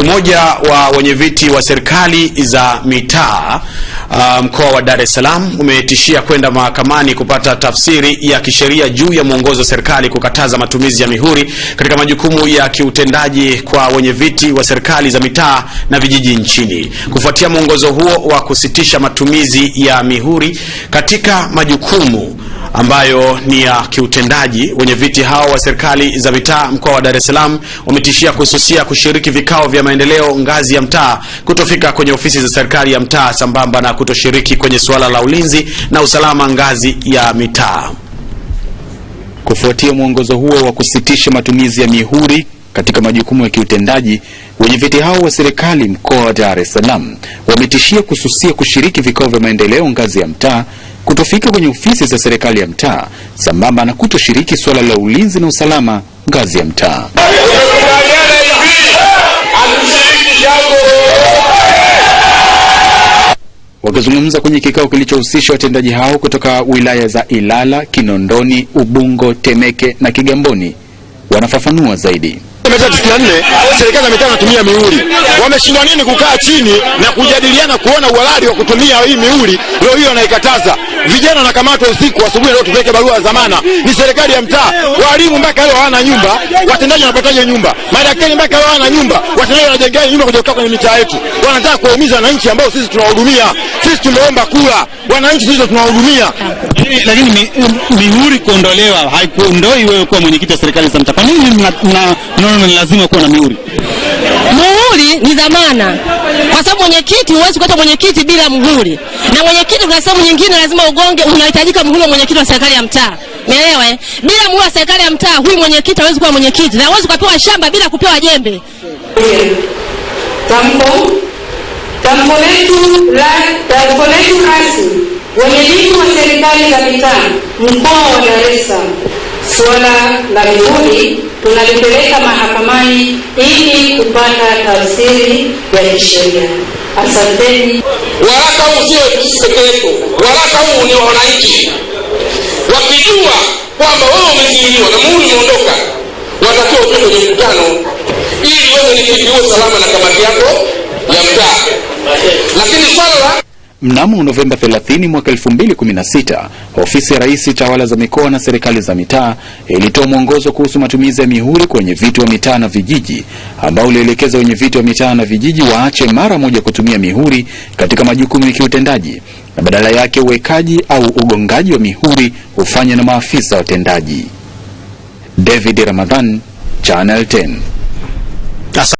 Umoja wa wenyeviti wa serikali za mitaa uh, mkoa wa Dar es Salaam umetishia kwenda mahakamani kupata tafsiri ya kisheria juu ya mwongozo wa serikali kukataza matumizi ya mihuri katika majukumu ya kiutendaji kwa wenyeviti wa serikali za mitaa na vijiji nchini. Kufuatia mwongozo huo wa kusitisha matumizi ya mihuri katika majukumu ambayo ni ya kiutendaji. wenye viti hao wa serikali za mitaa mkoa wa Dar es Salaam wametishia kususia kushiriki vikao vya maendeleo ngazi ya mtaa, kutofika kwenye ofisi za serikali ya mtaa, sambamba na kutoshiriki kwenye suala la ulinzi na usalama ngazi ya mitaa. Kufuatia mwongozo huo wa kusitisha matumizi ya mihuri katika majukumu ya kiutendaji, wenye viti hao wa serikali mkoa wa Dar es Salaam wametishia kususia kushiriki vikao vya maendeleo ngazi ya mtaa kutofika kwenye ofisi za serikali ya mtaa sambamba na kutoshiriki suala la ulinzi na usalama ngazi ya mtaa. Wakizungumza kwenye kikao kilichohusisha watendaji hao kutoka wilaya za Ilala, Kinondoni, Ubungo, Temeke na Kigamboni, wanafafanua zaidi. Serikali wameshindwa nini kukaa chini na kujadiliana kuona uhalali wa kutumia hii miuli Leo hiyo wanaikataza vijana wanakamatwa usiku, asubuhi leo tupeleke barua ya dhamana. Ni serikali ya mtaa, walimu mpaka leo hawana nyumba, watendaji wanapataje nyumba? Madaktari mpaka leo hawana nyumba, watendaji wanajengaje nyumba kuja kukaa kwenye mitaa yetu? Wanataka kuwaumiza wananchi ambao sisi tunawahudumia. Sisi tumeomba kula, wananchi sisi tunawahudumia. Lakini mihuri kuondolewa haikuondoi wewe kuwa mwenyekiti wa serikali za mtaa. Kwa nini mnaona ni lazima kuwa na mihuri? muhuri ni dhamana, kwa sababu mwenyekiti, huwezi kuita mwenyekiti bila muhuri, na mwenyekiti kuna sehemu nyingine lazima ugonge, unahitajika muhuri wa mwenyekiti wa serikali ya mtaa. Nielewe, eh? bila muhuri wa serikali ya mtaa huyu mwenyekiti hawezi kuwa mwenyekiti, na hawezi kupewa shamba bila kupewa jembe. Tamko tamko letu la tamko letu rasmi, wenyekiti wa serikali za mitaa mkoa wa Dar es Salaam, suala la muhuri tunalipeleka mahakamani ili kupata tafsiri ya kisheria. Asanteni. Waraka huu sio sisi waraka huu ni wa wananchi. Wakijua kwamba wewe umezuiliwa na muhuri umeondoka, watakiwa utoke kwenye mkutano ili wewe nipigiwe salama na kamati yako ya mtaa. Mnamo Novemba 30 mwaka 2016, ofisi ya Rais, tawala za mikoa na serikali za mitaa ilitoa mwongozo kuhusu matumizi ya mihuri kwa vitu wa mitaa na vijiji, ambao ulielekeza vitu wa mitaa na vijiji waache mara moja kutumia mihuri katika majukumu ya kiutendaji na badala yake uwekaji au ugongaji wa mihuri hufanywa na maafisa watendaji. David Ramadhan, Channel 10.